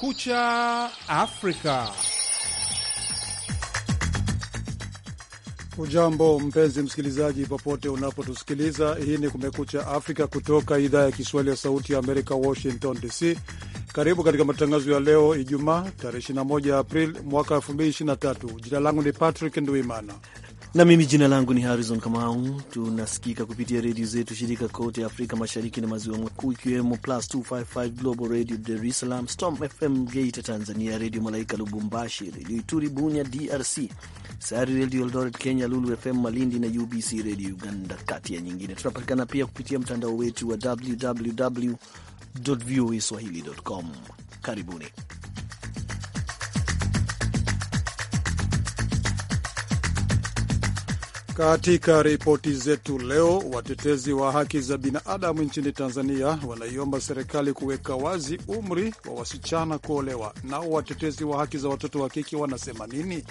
Kumekucha Afrika. Ujambo mpenzi msikilizaji, popote unapotusikiliza. Hii ni Kumekucha Afrika kutoka idhaa ya Kiswahili ya Sauti ya Amerika, Washington DC. Karibu katika matangazo ya leo Ijumaa, tarehe 21 Aprili mwaka 2023. Jina langu ni Patrick nduimana na mimi jina langu ni Harrison Kamau. Tunasikika kupitia redio zetu shirika kote Afrika Mashariki na Maziwa Makuu, ikiwemo Plus 255 Global Radio Dar es Salaam, Storm FM Gate Tanzania, Redio Malaika Lubumbashi, Redio Ituri Bunya DRC, Sayari Redio Eldoret Kenya, Lulu FM Malindi na UBC Redio Uganda, kati ya nyingine. Tunapatikana pia kupitia mtandao wetu wa www voa swahili.com. Karibuni. Katika ripoti zetu leo, watetezi wa haki za binadamu nchini Tanzania wanaiomba serikali kuweka wazi umri wa wasichana kuolewa. Nao watetezi wa haki za watoto wa kike wanasema nini?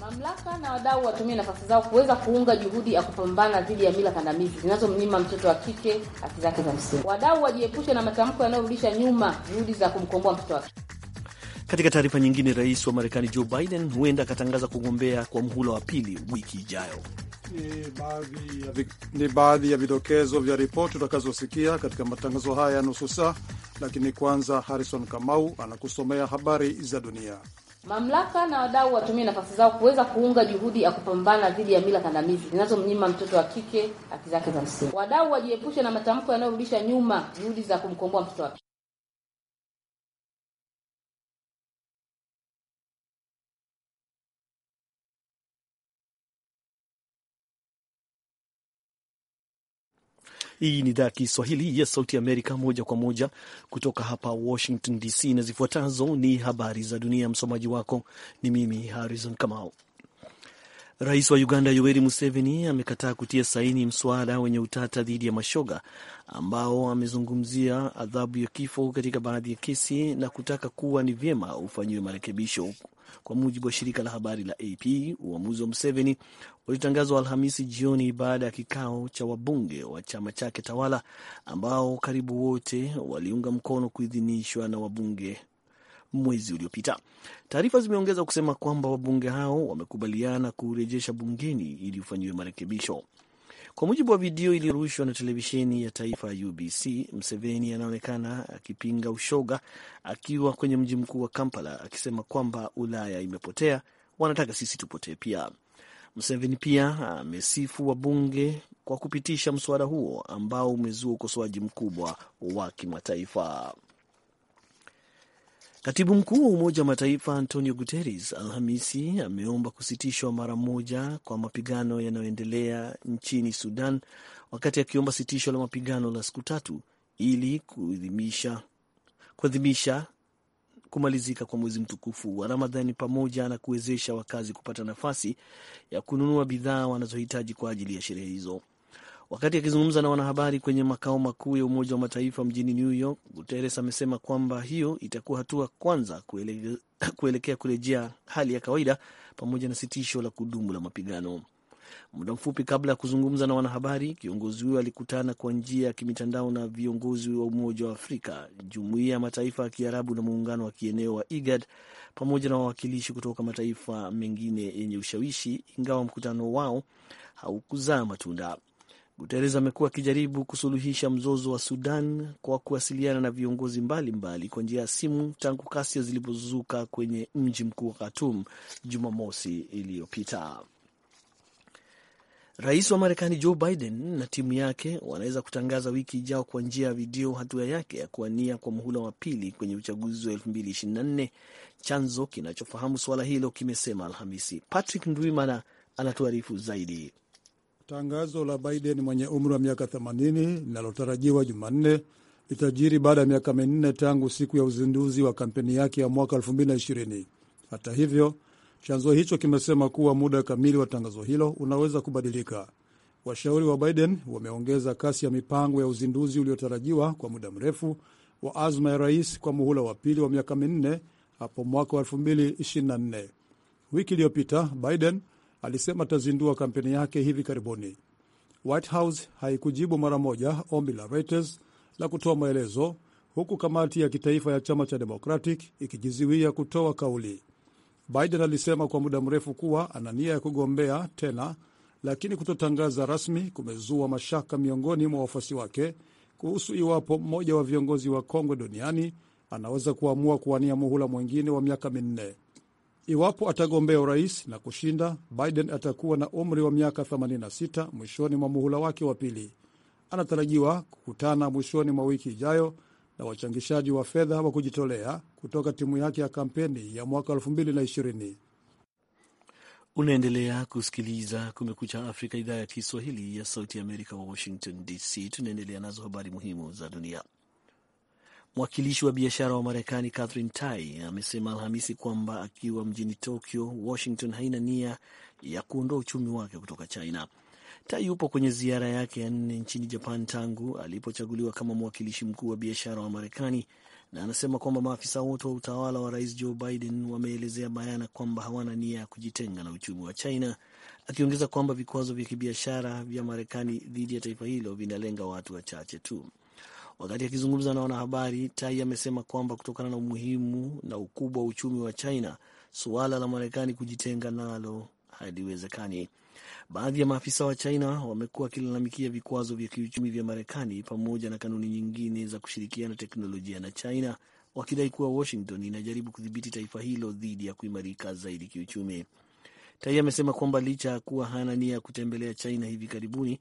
Mamlaka na wadau watumie nafasi zao kuweza kuunga juhudi ya kupambana dhidi ya mila kandamizi zinazomnyima mtoto wa kike haki zake za msingi. Wadau wajiepushe na matamko yanayorudisha nyuma juhudi za kumkomboa mtoto kike. Katika taarifa nyingine, rais wa Marekani Joe Biden huenda akatangaza kugombea kwa mhula wa pili wiki ijayo. Ni baadhi ya vidokezo vya ripoti utakazosikia katika matangazo haya ya nusu saa, lakini kwanza, Harrison Kamau anakusomea habari za dunia. Mamlaka na wadau watumie nafasi zao kuweza kuunga juhudi ya kupambana dhidi ya mila kandamizi zinazomnyima mtoto wa kike haki zake za msingi. Wadau wajiepushe na matamko yanayorudisha nyuma juhudi za kumkomboa mtoto kike. Hii ni idhaa ya Kiswahili ya Sauti ya Amerika, moja kwa moja kutoka hapa Washington DC, na zifuatazo ni habari za dunia. Msomaji wako ni mimi Harrison Kamau. Rais wa Uganda Yoweri Museveni amekataa kutia saini mswada wenye utata dhidi ya mashoga ambao amezungumzia adhabu ya kifo katika baadhi ya kesi na kutaka kuwa ni vyema ufanyiwe marekebisho. Kwa mujibu wa shirika la habari la AP, uamuzi wa Museveni ulitangazwa Alhamisi jioni baada ya kikao cha wabunge wa chama chake tawala ambao karibu wote waliunga mkono kuidhinishwa na wabunge mwezi uliopita. Taarifa zimeongeza kusema kwamba wabunge hao wamekubaliana kurejesha bungeni ili ufanyiwe marekebisho. Kwa mujibu wa video iliyorushwa na televisheni ya taifa ya UBC, Mseveni anaonekana akipinga ushoga akiwa kwenye mji mkuu wa Kampala, akisema kwamba Ulaya imepotea, wanataka sisi tupotee pia. Mseveni pia amesifu wabunge kwa kupitisha mswada huo ambao umezua ukosoaji mkubwa wa kimataifa. Katibu mkuu wa Umoja wa Mataifa Antonio Guterres Alhamisi ameomba kusitishwa mara moja kwa mapigano yanayoendelea nchini Sudan, wakati akiomba sitisho la mapigano la siku tatu ili kuadhimisha kuadhimisha kumalizika kwa mwezi mtukufu wa Ramadhani pamoja na kuwezesha wakazi kupata nafasi ya kununua bidhaa wanazohitaji kwa ajili ya sherehe hizo. Wakati akizungumza na wanahabari kwenye makao makuu ya Umoja wa Mataifa mjini New York, Guterres amesema kwamba hiyo itakuwa hatua kwanza kuele, kuelekea kurejea hali ya kawaida pamoja na sitisho la kudumu la mapigano. Muda mfupi kabla ya kuzungumza na wanahabari, kiongozi huyo alikutana kwa njia ya kimitandao na viongozi wa Umoja wa Afrika, Jumuiya ya Mataifa ya Kiarabu na muungano wa kieneo wa IGAD pamoja na wawakilishi kutoka mataifa mengine yenye ushawishi, ingawa mkutano wao haukuzaa matunda. Guterres amekuwa akijaribu kusuluhisha mzozo wa Sudan kwa kuwasiliana na viongozi mbalimbali kwa njia ya simu tangu kasia zilipozuka kwenye mji mkuu wa Khartoum Jumamosi iliyopita. Rais wa Marekani Joe Biden na timu yake wanaweza kutangaza wiki ijao kwa njia ya video hatua yake ya kuwania kwa muhula wa pili kwenye uchaguzi wa 2024 chanzo kinachofahamu suala hilo kimesema Alhamisi. Patrick Ndwimana anatuarifu zaidi. Tangazo la Biden mwenye umri wa miaka 80 linalotarajiwa Jumanne litajiri baada ya miaka minne tangu siku ya uzinduzi wa kampeni yake ya mwaka 2020. Hata hivyo, chanzo hicho kimesema kuwa muda kamili wa tangazo hilo unaweza kubadilika. Washauri wa Biden wameongeza kasi ya mipango ya uzinduzi uliotarajiwa kwa muda mrefu wa azma ya rais kwa muhula wa pili wa miaka minne hapo mwaka wa 2024. Wiki iliyopita Biden alisema atazindua kampeni yake hivi karibuni. White House haikujibu mara moja ombi la Reuters la kutoa maelezo, huku kamati ya kitaifa ya chama cha Democratic ikijizuia kutoa kauli. Biden alisema kwa muda mrefu kuwa ana nia ya kugombea tena, lakini kutotangaza rasmi kumezua mashaka miongoni mwa wafuasi wake kuhusu iwapo mmoja wa viongozi wa kongwe duniani anaweza kuamua kuwania muhula mwingine wa miaka minne. Iwapo atagombea urais na kushinda, Biden atakuwa na umri wa miaka 86 mwishoni mwa muhula wake wa pili. Anatarajiwa kukutana mwishoni mwa wiki ijayo na wachangishaji wa fedha wa kujitolea kutoka timu yake ya kampeni ya mwaka 2020. Unaendelea kusikiliza Kumekucha Afrika, idhaa ya Kiswahili ya Sauti ya Amerika, Washington DC. Tunaendelea nazo habari muhimu za dunia. Mwakilishi wa biashara wa Marekani Catherine Tai amesema Alhamisi kwamba akiwa mjini Tokyo, Washington haina nia ya kuondoa uchumi wake kutoka China. Tai yupo kwenye ziara yake ya nne nchini Japan tangu alipochaguliwa kama mwakilishi mkuu wa biashara wa Marekani, na anasema kwamba maafisa wote wa utawala wa rais Joe Biden wameelezea bayana kwamba hawana nia ya kujitenga na uchumi wa China, akiongeza kwamba vikwazo vya kibiashara vya Marekani dhidi ya taifa hilo vinalenga watu wachache tu. Wakati akizungumza na wanahabari, Tai amesema kwamba kutokana na umuhimu na ukubwa wa uchumi wa China, suala la Marekani kujitenga nalo haliwezekani. Baadhi ya maafisa wa China wamekuwa wakilalamikia vikwazo vya kiuchumi vya Marekani pamoja na kanuni nyingine za kushirikiana teknolojia na China, wakidai kuwa Washington inajaribu kudhibiti taifa hilo dhidi ya kuimarika zaidi kiuchumi. Tai amesema kwamba licha ya kuwa hana nia ya kutembelea China hivi karibuni,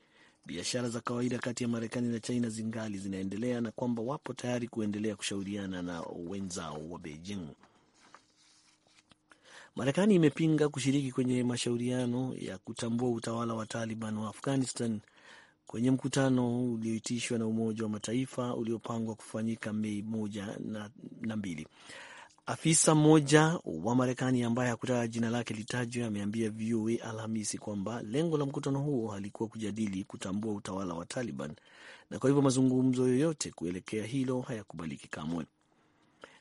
biashara za kawaida kati ya Marekani na China zingali zinaendelea na kwamba wapo tayari kuendelea kushauriana na wenzao wa Beijing. Marekani imepinga kushiriki kwenye mashauriano ya kutambua utawala wa Taliban wa Afghanistan kwenye mkutano ulioitishwa na Umoja wa Mataifa uliopangwa kufanyika Mei moja na, na mbili. Afisa mmoja wa Marekani ambaye hakutaka jina lake litajwe ameambia VOA Alhamisi kwamba lengo la mkutano huo halikuwa kujadili kutambua utawala wa Taliban na kwa hivyo mazungumzo yoyote kuelekea hilo hayakubaliki kamwe.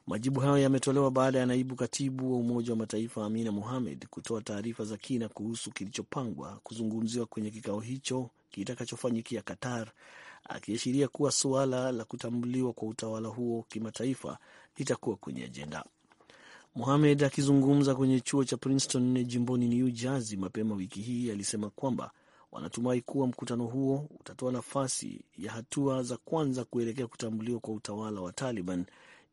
Majibu hayo yametolewa baada ya naibu katibu wa Umoja wa Mataifa Amina Mohamed kutoa taarifa za kina kuhusu kilichopangwa kuzungumziwa kwenye kikao hicho kitakachofanyikia Qatar, akiashiria kuwa suala la kutambuliwa kwa utawala huo kimataifa litakuwa kwenye ajenda. Mohamed akizungumza kwenye chuo cha Princeton jimboni New Jersey mapema wiki hii alisema kwamba wanatumai kuwa mkutano huo utatoa nafasi ya hatua za kwanza kuelekea kutambuliwa kwa utawala wa Taliban,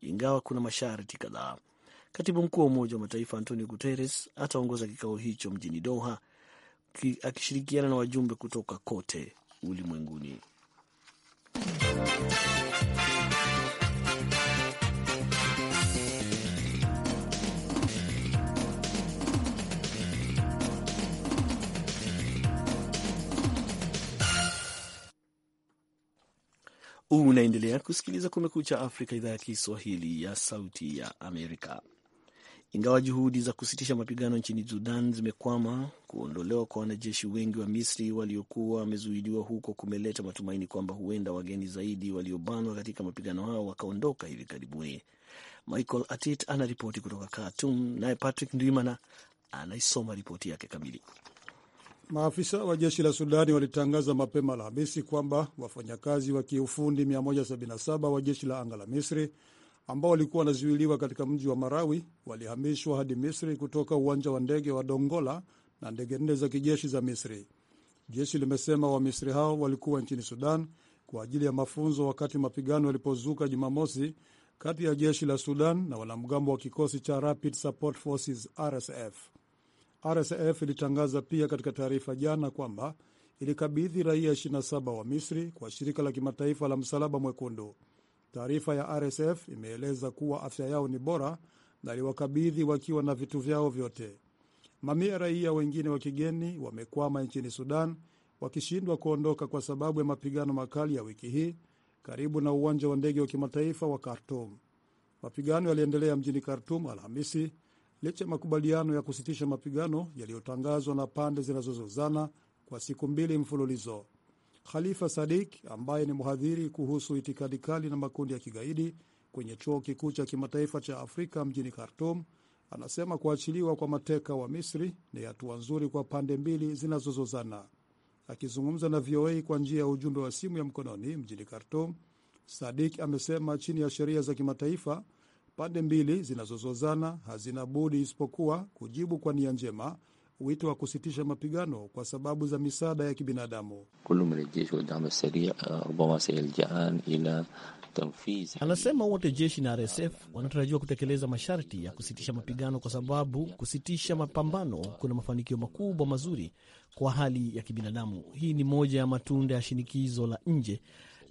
ingawa kuna masharti kadhaa. Katibu mkuu wa Umoja wa Mataifa Antonio Guterres ataongoza kikao hicho mjini Doha akishirikiana na wajumbe kutoka kote ulimwenguni. Unaendelea kusikiliza Kumekucha Afrika, idhaa ya Kiswahili ya Sauti ya Amerika. Ingawa juhudi za kusitisha mapigano nchini Sudan zimekwama, kuondolewa kwa wanajeshi wengi wa Misri waliokuwa wamezuiliwa huko kumeleta matumaini kwamba huenda wageni zaidi waliobanwa katika mapigano hao wakaondoka hivi karibuni. Michael Atit anaripoti kutoka Khartoum, naye Patrick Ndwimana anaisoma ripoti yake kamili. Maafisa wa jeshi la Sudani walitangaza mapema Alhamisi kwamba wafanyakazi wa kiufundi 177 wa jeshi la anga la Misri ambao walikuwa wanazuiliwa katika mji wa Marawi walihamishwa hadi Misri kutoka uwanja wa ndege wa Dongola na ndege nne za kijeshi za Misri. Jeshi limesema Wamisri hao walikuwa nchini Sudan kwa ajili ya mafunzo wakati mapigano yalipozuka Jumamosi kati ya jeshi la Sudan na wanamgambo wa kikosi cha Rapid Support Forces, RSF. RSF ilitangaza pia katika taarifa jana kwamba ilikabidhi raia 27 wa Misri kwa shirika la kimataifa la msalaba mwekundu. Taarifa ya RSF imeeleza kuwa afya yao ni bora na iliwakabidhi wakiwa na vitu vyao vyote. Mamia raia wengine wa kigeni wamekwama nchini Sudan wakishindwa kuondoka kwa sababu ya mapigano makali ya wiki hii karibu na uwanja wa ndege wa kimataifa wa Khartum. Mapigano yaliendelea mjini Khartum Alhamisi licha ya makubaliano ya kusitisha mapigano yaliyotangazwa na pande zinazozozana kwa siku mbili mfululizo. Khalifa Sadik ambaye ni mhadhiri kuhusu itikadi kali na makundi ya kigaidi kwenye chuo kikuu cha kimataifa cha Afrika mjini Khartum anasema kuachiliwa kwa mateka wa Misri ni hatua nzuri kwa pande mbili zinazozozana. Akizungumza na VOA kwa njia ya ujumbe wa simu ya mkononi mjini Khartum, Sadik amesema chini ya sheria za kimataifa Pande mbili zinazozozana hazina budi isipokuwa kujibu kwa nia njema wito wa kusitisha mapigano kwa sababu za misaada ya kibinadamu. Uh, Anasema wote jeshi na RSF wanatarajiwa kutekeleza masharti ya kusitisha mapigano kwa sababu kusitisha mapambano kuna mafanikio makubwa mazuri kwa hali ya kibinadamu. Hii ni moja ya matunda ya shinikizo la nje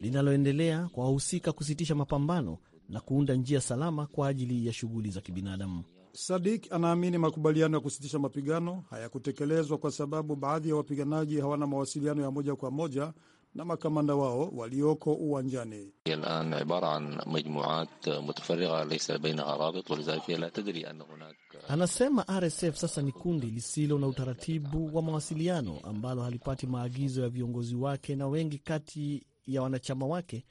linaloendelea kwa wahusika kusitisha mapambano na kuunda njia salama kwa ajili ya shughuli za kibinadamu. Sadik anaamini makubaliano ya kusitisha mapigano hayakutekelezwa kwa sababu baadhi ya wapiganaji hawana mawasiliano ya moja kwa moja na makamanda wao walioko uwanjani. Anasema RSF sasa ni kundi lisilo na utaratibu wa mawasiliano ambalo halipati maagizo ya viongozi wake, na wengi kati ya wanachama wake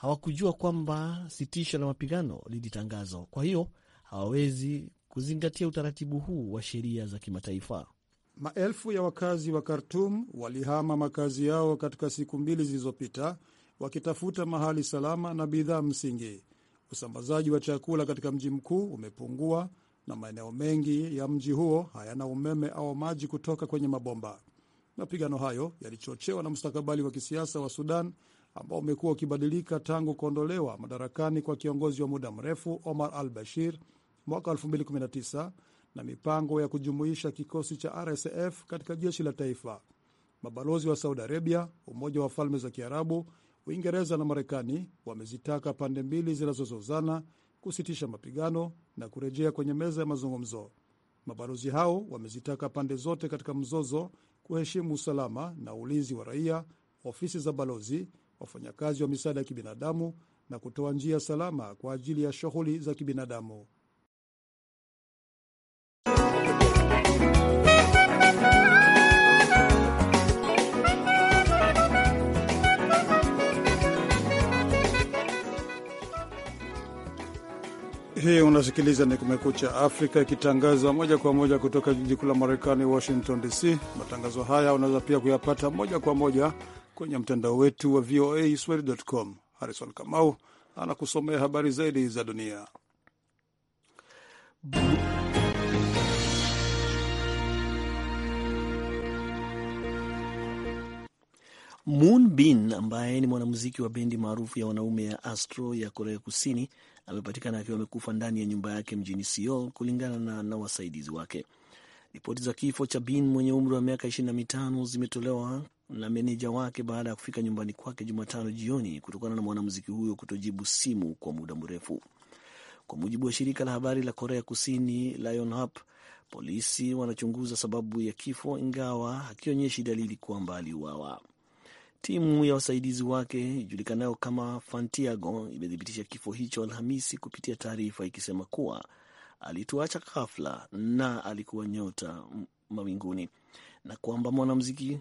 hawakujua kwamba sitisho la mapigano lilitangazwa, kwa hiyo hawawezi kuzingatia utaratibu huu wa sheria za kimataifa. Maelfu ya wakazi wa Khartum walihama makazi yao katika siku mbili zilizopita, wakitafuta mahali salama na bidhaa msingi. Usambazaji wa chakula katika mji mkuu umepungua na maeneo mengi ya mji huo hayana umeme au maji kutoka kwenye mabomba. Mapigano hayo yalichochewa na mustakabali wa kisiasa wa Sudan ambao umekuwa ukibadilika tangu kuondolewa madarakani kwa kiongozi wa muda mrefu Omar al Bashir mwaka 2019 na mipango ya kujumuisha kikosi cha RSF katika jeshi la taifa. Mabalozi wa Saudi Arabia, Umoja wa Falme za Kiarabu, Uingereza na Marekani wamezitaka pande mbili zinazozozana kusitisha mapigano na kurejea kwenye meza ya mazungumzo. Mabalozi hao wamezitaka pande zote katika mzozo kuheshimu usalama na ulinzi wa raia, ofisi za balozi, wafanyakazi wa misaada ya kibinadamu na kutoa njia salama kwa ajili ya shughuli za kibinadamu. Hii unasikiliza ni Kumekucha Afrika ikitangaza moja kwa moja kutoka jiji kuu la Marekani, Washington DC. Matangazo haya unaweza pia kuyapata moja kwa moja kwenye mtandao wetu wa VOA swahili.com. Harrison Kamau anakusomea habari zaidi za dunia. Bin ambaye ni mwanamuziki wa bendi maarufu ya wanaume ya Astro ya Korea Kusini amepatikana akiwa amekufa ndani ya nyumba yake mjini Seoul kulingana na, na wasaidizi wake. Ripoti za kifo cha Bin mwenye umri wa miaka mitano zimetolewa na meneja wake baada ya kufika nyumbani kwake Jumatano jioni kutokana na mwanamuziki huyo kutojibu simu kwa muda mrefu. Kwa mujibu wa shirika la habari la Korea Kusini la Yonhap, polisi wanachunguza sababu ya kifo, ingawa hakionyeshi dalili kwamba aliuawa. Timu ya wasaidizi wake ijulikanayo kama Fantiago imethibitisha kifo hicho Alhamisi kupitia taarifa ikisema kuwa alituacha ghafla na alikuwa nyota mawinguni na kwamba mwanamuziki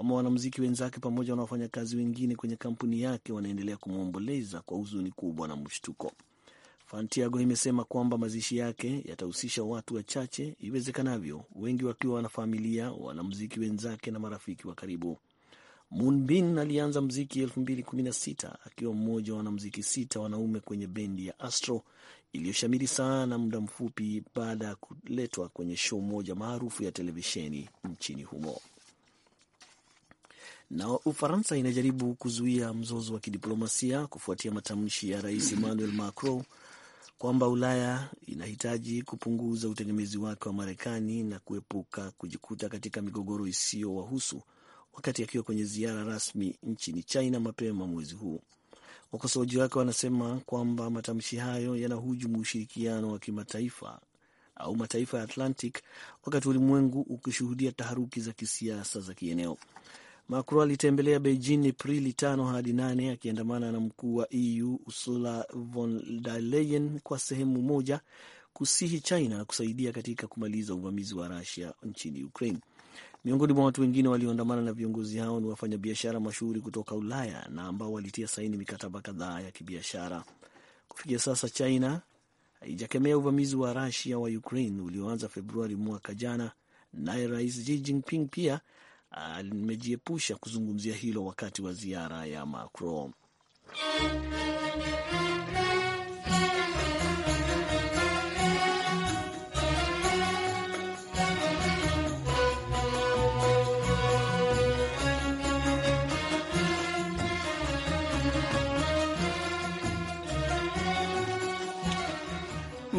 ama wanamziki wenzake pamoja na wafanyakazi wengine kwenye kampuni yake wanaendelea kumwomboleza kwa huzuni kubwa na mshtuko. Fantiago imesema kwamba mazishi yake yatahusisha watu wachache iwezekanavyo, wengi wakiwa wanafamilia, wanamziki wenzake na marafiki wa karibu. Moonbin alianza mziki 2016 akiwa mmoja wa wanamziki sita wanaume kwenye bendi ya Astro iliyoshamiri sana, muda mfupi baada ya kuletwa kwenye show moja maarufu ya televisheni nchini humo na Ufaransa inajaribu kuzuia mzozo wa kidiplomasia kufuatia matamshi ya rais Emmanuel Macron kwamba Ulaya inahitaji kupunguza utegemezi wake wa Marekani na kuepuka kujikuta katika migogoro isiyowahusu wakati akiwa kwenye ziara rasmi nchini China mapema mwezi huu. Wakosoaji wake wanasema kwamba matamshi hayo yanahujumu ushirikiano wa kimataifa au mataifa ya Atlantic wakati ulimwengu ukishuhudia taharuki za kisiasa za kieneo. Macron alitembelea Beijing Aprili 5 hadi 8 akiandamana na mkuu wa EU Ursula von der Leyen kwa sehemu moja kusihi China kusaidia katika kumaliza uvamizi wa Rusia nchini Ukraine. Miongoni mwa watu wengine walioandamana na viongozi hao ni wafanyabiashara mashuhuri kutoka Ulaya na ambao walitia saini mikataba kadhaa ya kibiashara. Kufikia sasa, China haijakemea uvamizi wa Rusia wa Ukraine ulioanza Februari mwaka jana, naye Rais Xi Jinping pia limejiepusha ah, kuzungumzia hilo wakati wa ziara ya Macron.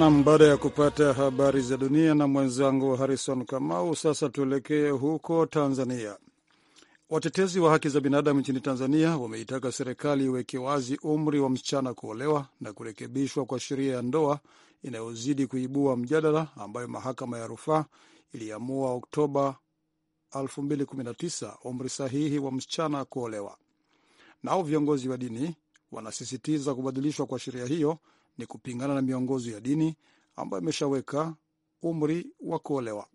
Nam, baada ya kupata habari za dunia na mwenzangu Harrison Kamau, sasa tuelekee huko Tanzania. Watetezi wa haki za binadamu nchini Tanzania wameitaka serikali iweke wazi umri wa msichana kuolewa na kurekebishwa kwa sheria ya ndoa inayozidi kuibua mjadala, ambayo mahakama ya rufaa iliamua Oktoba 2019 umri sahihi wa msichana kuolewa. Nao viongozi wa dini wanasisitiza kubadilishwa kwa sheria hiyo ni kupingana na miongozo ya dini ambayo imeshaweka umri wa kuolewa.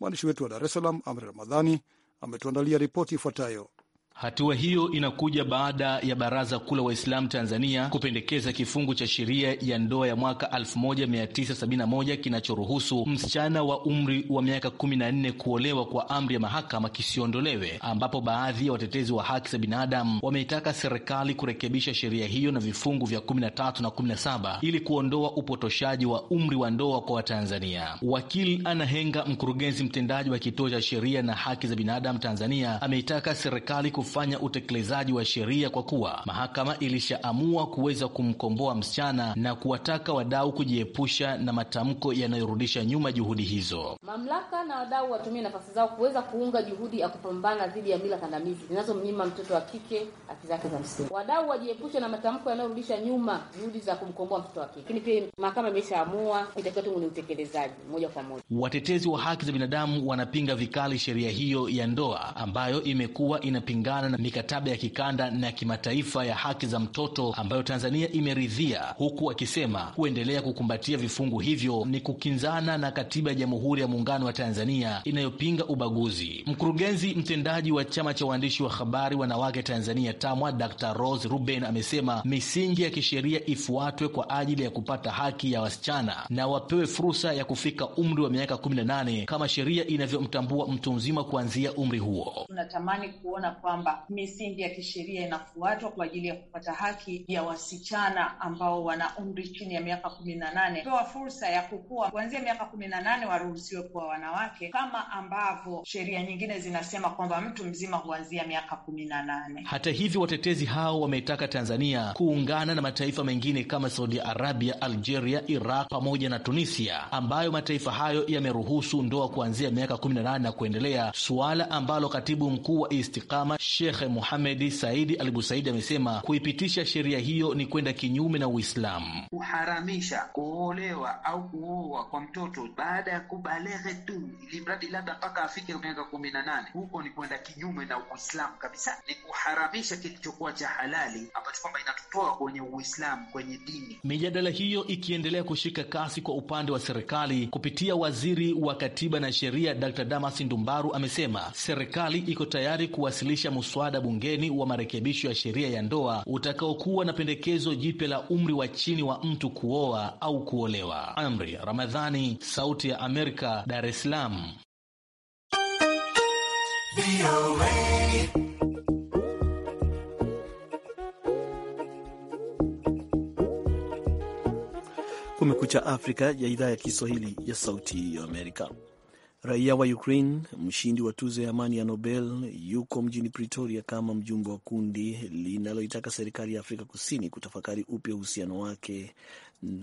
Mwandishi wetu wa Dar es Salaam, Amri Ramadhani, ametuandalia ripoti ifuatayo. Hatua hiyo inakuja baada ya Baraza Kuu la Waislamu Tanzania kupendekeza kifungu cha sheria ya ndoa ya mwaka 1971 kinachoruhusu msichana wa umri wa miaka 14 kuolewa kwa amri ya mahakama kisiondolewe, ambapo baadhi ya watetezi wa haki za binadamu wameitaka serikali kurekebisha sheria hiyo na vifungu vya 13 na 17 ili kuondoa upotoshaji wa umri wa ndoa kwa Watanzania. Wakili Anahenga, mkurugenzi mtendaji wa Kituo cha Sheria na Haki za Binadamu Tanzania, ameitaka serikali kufanya utekelezaji wa sheria kwa kuwa mahakama ilishaamua kuweza kumkomboa msichana na kuwataka wadau kujiepusha na matamko yanayorudisha nyuma juhudi hizo. Mamlaka na wadau watumie nafasi zao kuweza kuunga juhudi ya kupambana dhidi ya mila kandamizi zinazomnyima mtoto wa kike haki zake za msingi. Wadau wajiepushe na matamko yanayorudisha nyuma juhudi za kumkomboa mtoto wa kike, lakini pia mahakama imeshaamua itakiwa tu ni utekelezaji moja kwa moja. Watetezi wa haki za binadamu wanapinga vikali sheria hiyo ya ndoa ambayo imekuwa inapinga kulingana na mikataba ya kikanda na kimataifa ya haki za mtoto ambayo Tanzania imeridhia, huku akisema kuendelea kukumbatia vifungu hivyo ni kukinzana na katiba ya Jamhuri ya Muungano wa Tanzania inayopinga ubaguzi. Mkurugenzi mtendaji wa Chama cha Waandishi wa Habari Wanawake Tanzania TAMWA, Dr. Rose Ruben amesema misingi ya kisheria ifuatwe kwa ajili ya kupata haki ya wasichana na wapewe fursa ya kufika umri wa miaka 18 kama sheria inavyomtambua mtu mzima kuanzia umri huo. Tunatamani kuona kwamba kwamba misingi ya kisheria inafuatwa kwa ajili ya kupata haki ya wasichana ambao wana umri chini ya miaka kumi na nane pewa fursa ya kukua kuanzia miaka kumi na nane waruhusiwe kuwa wanawake kama ambavyo sheria nyingine zinasema kwamba mtu mzima huanzia miaka kumi na nane. Hata hivyo, watetezi hao wameitaka Tanzania kuungana na mataifa mengine kama Saudi Arabia, Algeria, Iraq pamoja na Tunisia ambayo mataifa hayo yameruhusu ndoa kuanzia miaka kumi na kuendelea, suala ambalo katibu mkuu wa Istiqama Shekhe Muhamedi Saidi Albusaidi amesema kuipitisha sheria hiyo ni kwenda kinyume na Uislamu. Kuharamisha kuolewa au kuoa kwa mtoto baada ya kubalehe tu, ili mradi labda mpaka afike miaka kumi na nane, huko ni kwenda kinyume na Uislamu kabisa, ni kuharamisha kilichokuwa cha halali ambacho kwamba inatutoa kwenye Uislamu, kwenye dini. Mijadala hiyo ikiendelea kushika kasi kwa upande wa serikali kupitia waziri wa katiba na sheria Dr. Damas Ndumbaru amesema serikali iko tayari kuwasilisha mswada bungeni wa marekebisho ya sheria ya ndoa utakaokuwa na pendekezo jipya la umri wa chini wa mtu kuoa au kuolewa. Amri Ramadhani, Sauti ya Amerika, Dar es Salaam. Kumekucha Afrika ya idhaa ya Kiswahili ya Sauti ya Amerika. Raia wa Ukraine mshindi wa tuzo ya amani ya Nobel yuko mjini Pretoria kama mjumbe wa kundi linaloitaka serikali ya Afrika Kusini kutafakari upya uhusiano wake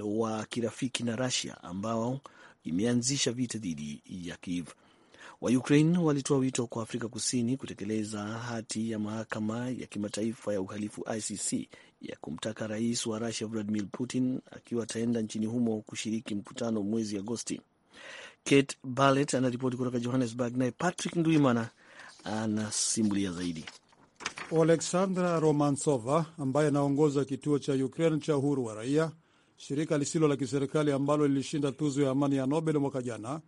wa kirafiki na Russia ambao imeanzisha vita dhidi ya Kiev. Wa Ukraine walitoa wito kwa Afrika Kusini kutekeleza hati ya mahakama ya kimataifa ya uhalifu ICC ya kumtaka rais wa Russia Vladimir Putin akiwa ataenda nchini humo kushiriki mkutano mwezi Agosti Kate Barlett anaripoti kutoka Johannesburg, naye Patrick Ndwimana anasimulia zaidi. Oleksandra Romansova ambaye anaongoza kituo cha Ukraine cha uhuru wa raia, shirika lisilo la kiserikali ambalo lilishinda tuzo ya amani ya Nobel mwaka jana,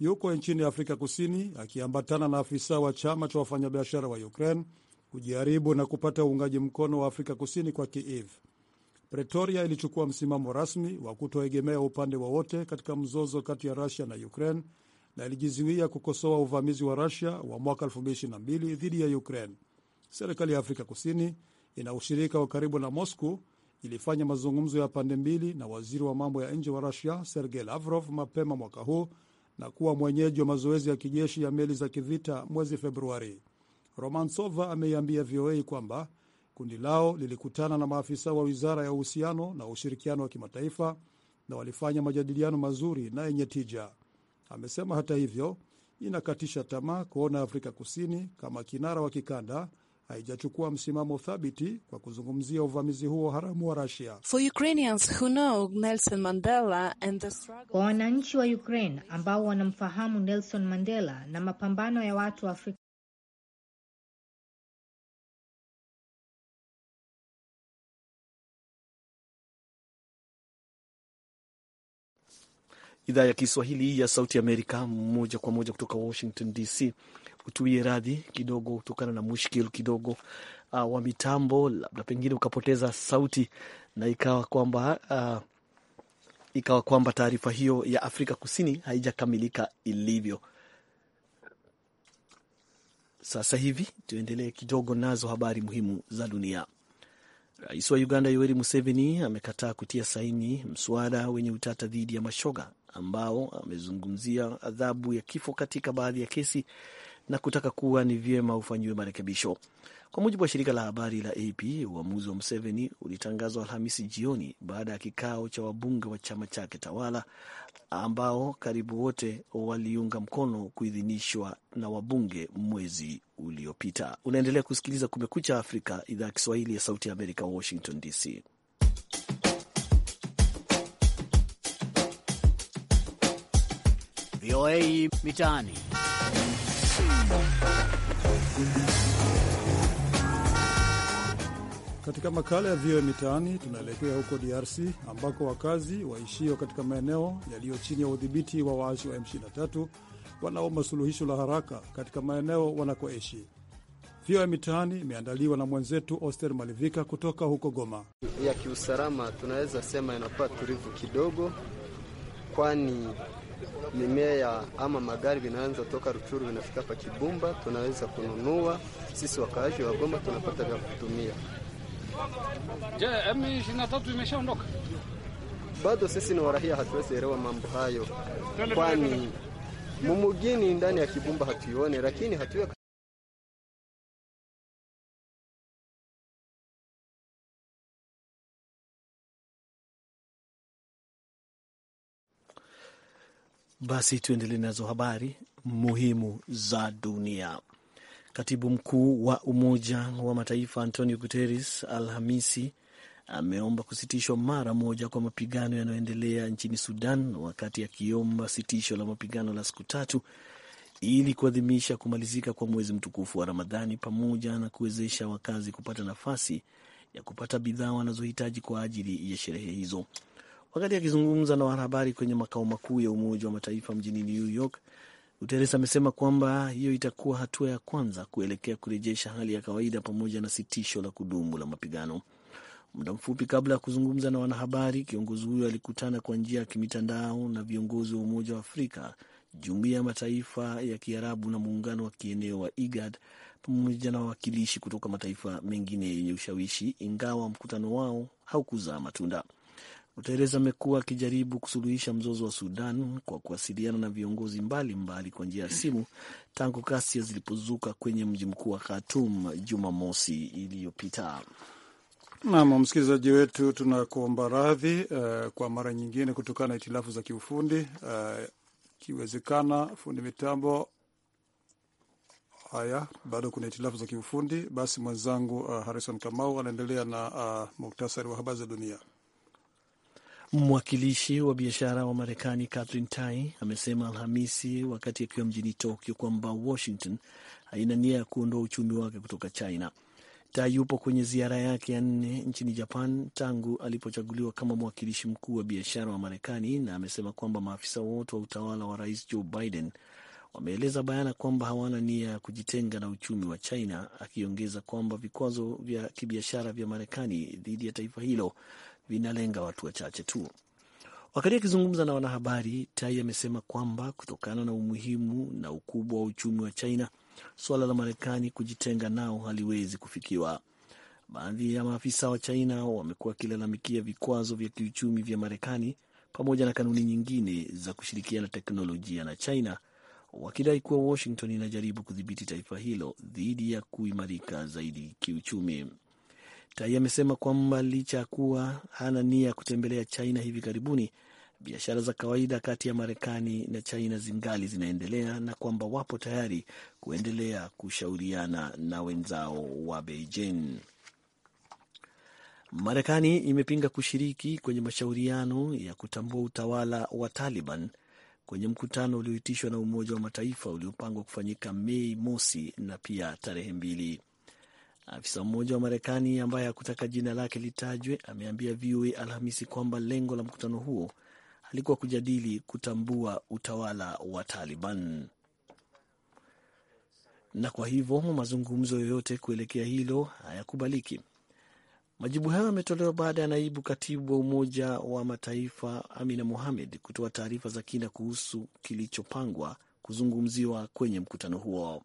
yuko nchini Afrika Kusini akiambatana na afisa wa chama cha wafanyabiashara wa Ukraine kujaribu na kupata uungaji mkono wa Afrika Kusini kwa Kiev. Pretoria ilichukua msimamo rasmi wa kutoegemea upande wowote katika mzozo kati ya Rusia na Ukraine na ilijizuia kukosoa uvamizi wa Rusia wa mwaka 2022 dhidi ya Ukraine. Serikali ya Afrika Kusini ina ushirika wa karibu na Moscow ilifanya mazungumzo ya pande mbili na waziri wa mambo ya nje wa Rusia Sergei Lavrov mapema mwaka huu na kuwa mwenyeji wa mazoezi ya kijeshi ya meli za kivita mwezi Februari. romansova ameiambia VOA kwamba Kundi lao lilikutana na maafisa wa wizara ya uhusiano na ushirikiano wa kimataifa na walifanya majadiliano mazuri na yenye tija, amesema. Hata hivyo, inakatisha tamaa kuona Afrika Kusini kama kinara wa kikanda haijachukua msimamo thabiti kwa kuzungumzia uvamizi huo haramu wa rasia Kwa wananchi wa Ukraine ambao wanamfahamu Nelson Mandela na mapambano ya watu wa Afrika idhaa ya Kiswahili ya Sauti Amerika, moja kwa moja kutoka Washington DC. Utuie radhi kidogo kutokana na mushkil kidogo uh, wa mitambo, labda pengine ukapoteza sauti na ikawa kwamba uh, ikawa kwamba taarifa hiyo ya Afrika Kusini haijakamilika ilivyo. Sasa hivi tuendelee kidogo nazo habari muhimu za dunia. Rais wa Uganda Yoweri Museveni amekataa kutia saini mswada wenye utata dhidi ya mashoga ambao amezungumzia adhabu ya kifo katika baadhi ya kesi na kutaka kuwa ni vyema ufanyiwe marekebisho. Kwa mujibu wa shirika la habari la AP, uamuzi wa Museveni ulitangazwa Alhamisi jioni baada ya kikao cha wabunge wa chama chake tawala ambao karibu wote waliunga mkono kuidhinishwa na wabunge mwezi uliopita. Unaendelea kusikiliza Kumekucha Afrika, idhaa ya Kiswahili ya Sauti ya Amerika, Washington DC. VOA Mitaani. Katika makala ya VOA Mitaani tunaelekea huko DRC ambako wakazi waishio katika maeneo yaliyo chini ya udhibiti wa waasi wa M23 wanaomba suluhisho la haraka katika maeneo wanakoishi. VOA Mitaani imeandaliwa na mwenzetu Oster Malivika kutoka huko Goma. ya kiusalama tunaweza sema inapata tulivu kidogo, kwani mimea ya ama magari vinaanza toka Ruchuru vinafika pa Kibumba, tunaweza kununua sisi wakaaji wa Goma, tunapata vya kutumia. Je, M23 imeshaondoka? Bado sisi ni warahia, hatuwezi elewa mambo hayo, kwani mumugini ndani ya Kibumba hatuione, lakini hatuwe Basi tuendelee nazo habari muhimu za dunia. Katibu mkuu wa Umoja wa Mataifa Antonio Guterres Alhamisi ameomba kusitishwa mara moja kwa mapigano yanayoendelea nchini Sudan, wakati akiomba sitisho la mapigano la siku tatu ili kuadhimisha kumalizika kwa mwezi mtukufu wa Ramadhani pamoja na kuwezesha wakazi kupata nafasi ya kupata bidhaa wanazohitaji kwa ajili ya sherehe hizo. Wakati akizungumza na wanahabari kwenye makao makuu ya Umoja wa Mataifa mjini New York, Guterres amesema kwamba hiyo itakuwa hatua ya kwanza kuelekea kurejesha hali ya kawaida pamoja na sitisho la kudumu la mapigano. Muda mfupi kabla ya kuzungumza na wanahabari, kiongozi huyo alikutana kwa njia ya kimitandao na viongozi wa Umoja wa Afrika, Jumuiya ya Mataifa ya Kiarabu na muungano wa kieneo wa IGAD pamoja na wawakilishi kutoka mataifa mengine yenye ushawishi, ingawa mkutano wao haukuzaa matunda. Guterres amekuwa akijaribu kusuluhisha mzozo wa Sudan kwa kuwasiliana na viongozi mbalimbali kwa njia ya simu tangu ghasia zilipozuka kwenye mji mkuu wa Khartoum Jumamosi iliyopita. Nam msikilizaji wetu, tunakuomba radhi uh, kwa mara nyingine kutokana na hitilafu za kiufundi uh, eh, kiwezekana fundi mitambo haya bado kuna hitilafu za kiufundi basi, mwenzangu uh, Harrison Kamau anaendelea na uh, muktasari wa habari za dunia. Mwakilishi wa biashara wa Marekani Katherine Tai amesema Alhamisi wakati akiwa mjini Tokyo kwamba Washington haina nia ya kuondoa uchumi wake kutoka China. Tai yupo kwenye ziara yake ya nne nchini Japan tangu alipochaguliwa kama mwakilishi mkuu wa biashara wa Marekani, na amesema kwamba maafisa wote wa utawala wa Rais Joe Biden wameeleza bayana kwamba hawana nia ya kujitenga na uchumi wa China, akiongeza kwamba vikwazo vya kibiashara vya Marekani dhidi ya taifa hilo vinalenga watu wachache tu. Wakati akizungumza na wanahabari, Tai amesema kwamba kutokana na umuhimu na ukubwa wa uchumi wa China, suala la Marekani kujitenga nao haliwezi kufikiwa. Baadhi ya maafisa wa China wamekuwa wakilalamikia vikwazo vya kiuchumi vya Marekani pamoja na kanuni nyingine za kushirikiana teknolojia na China, wakidai kuwa Washington inajaribu kudhibiti taifa hilo dhidi ya kuimarika zaidi kiuchumi. Tai amesema kwamba licha ya kuwa hana nia ya kutembelea China hivi karibuni, biashara za kawaida kati ya Marekani na China zingali zinaendelea na kwamba wapo tayari kuendelea kushauriana na wenzao wa Beijing. Marekani imepinga kushiriki kwenye mashauriano ya kutambua utawala wa Taliban kwenye mkutano ulioitishwa na Umoja wa Mataifa uliopangwa kufanyika Mei mosi na pia tarehe mbili. Afisa mmoja wa Marekani ambaye hakutaka jina lake litajwe ameambia VOA Alhamisi kwamba lengo la mkutano huo alikuwa kujadili kutambua utawala wa Taliban na kwa hivyo mazungumzo yoyote kuelekea hilo hayakubaliki. Majibu hayo yametolewa baada ya naibu katibu wa Umoja wa Mataifa Amina Mohamed kutoa taarifa za kina kuhusu kilichopangwa kuzungumziwa kwenye mkutano huo.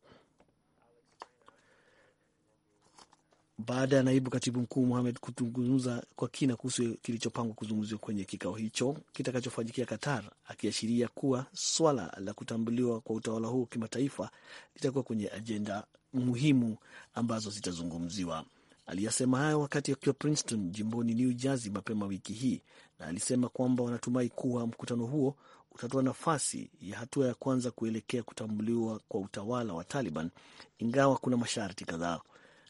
baada ya naibu katibu mkuu Mohamed kuzungumza kwa kina kuhusu kilichopangwa kuzungumziwa kwenye kikao hicho kitakachofanyikia Qatar, akiashiria kuwa swala la kutambuliwa kwa utawala huo kimataifa litakuwa kwenye ajenda muhimu ambazo zitazungumziwa. Aliyasema hayo wakati akiwa Princeton, jimboni New Jersey, mapema wiki hii, na alisema kwamba wanatumai kuwa mkutano huo utatoa nafasi ya hatua ya kwanza kuelekea kutambuliwa kwa utawala wa Taliban, ingawa kuna masharti kadhaa.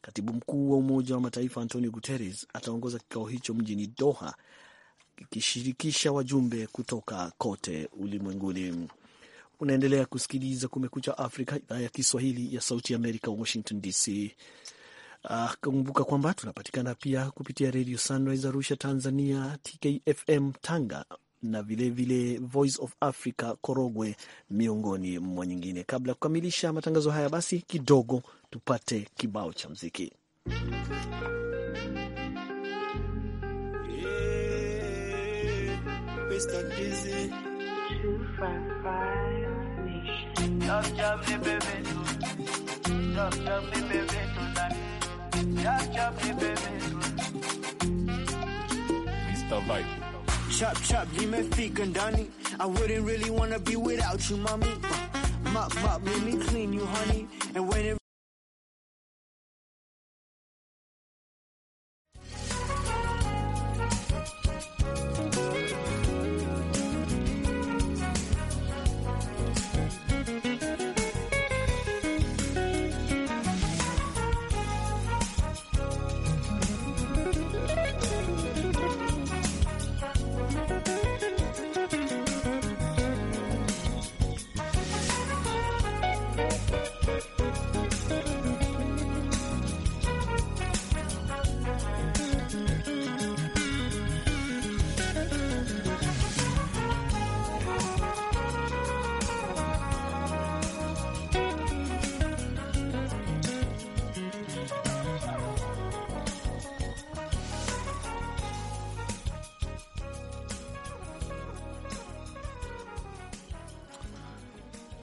Katibu mkuu wa Umoja wa Mataifa Antonio Guterres ataongoza kikao hicho mjini Doha, kikishirikisha wajumbe kutoka kote ulimwenguni. Unaendelea kusikiliza Kumekucha Afrika, idhaa ya Kiswahili ya Sauti ya Amerika, Washington DC. Uh, ah, kumbuka kwamba tunapatikana pia kupitia redio Sunrise Arusha Tanzania, TKFM Tanga, na vilevile vile Voice of Africa Korogwe, miongoni mwa nyingine. Kabla ya kukamilisha matangazo haya, basi kidogo tupate kibao cha mziki. Yeah, Chop chop me nimefika ndani I wouldn't really wanna be without you mommy Mop mop Let me clean you honey And when it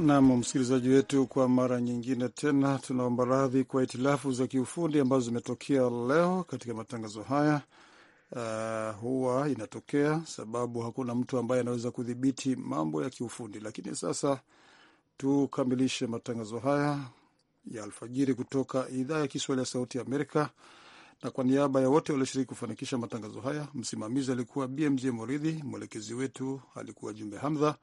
Nam msikilizaji wetu, kwa mara nyingine tena tunaomba radhi kwa hitilafu za kiufundi ambazo zimetokea leo katika matangazo haya. Uh, huwa inatokea sababu hakuna mtu ambaye anaweza kudhibiti mambo ya kiufundi, lakini sasa tukamilishe matangazo haya ya alfajiri kutoka idhaa ya Kiswahili ya Sauti ya Amerika. Na kwa niaba ya wote walioshiriki kufanikisha matangazo haya, msimamizi alikuwa BMJ Moridhi, mwelekezi wetu alikuwa Jumbe Hamdha.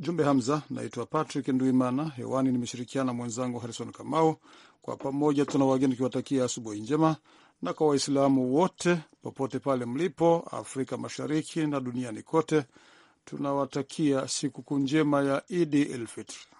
Jumbe Hamza. Naitwa Patrick nduimana hewani nimeshirikiana mwenzangu Harrison Kamau. Kwa pamoja tuna wageni tukiwatakia asubuhi njema, na kwa Waislamu wote popote pale mlipo Afrika Mashariki na duniani kote tunawatakia sikukuu njema ya Idi Elfitri.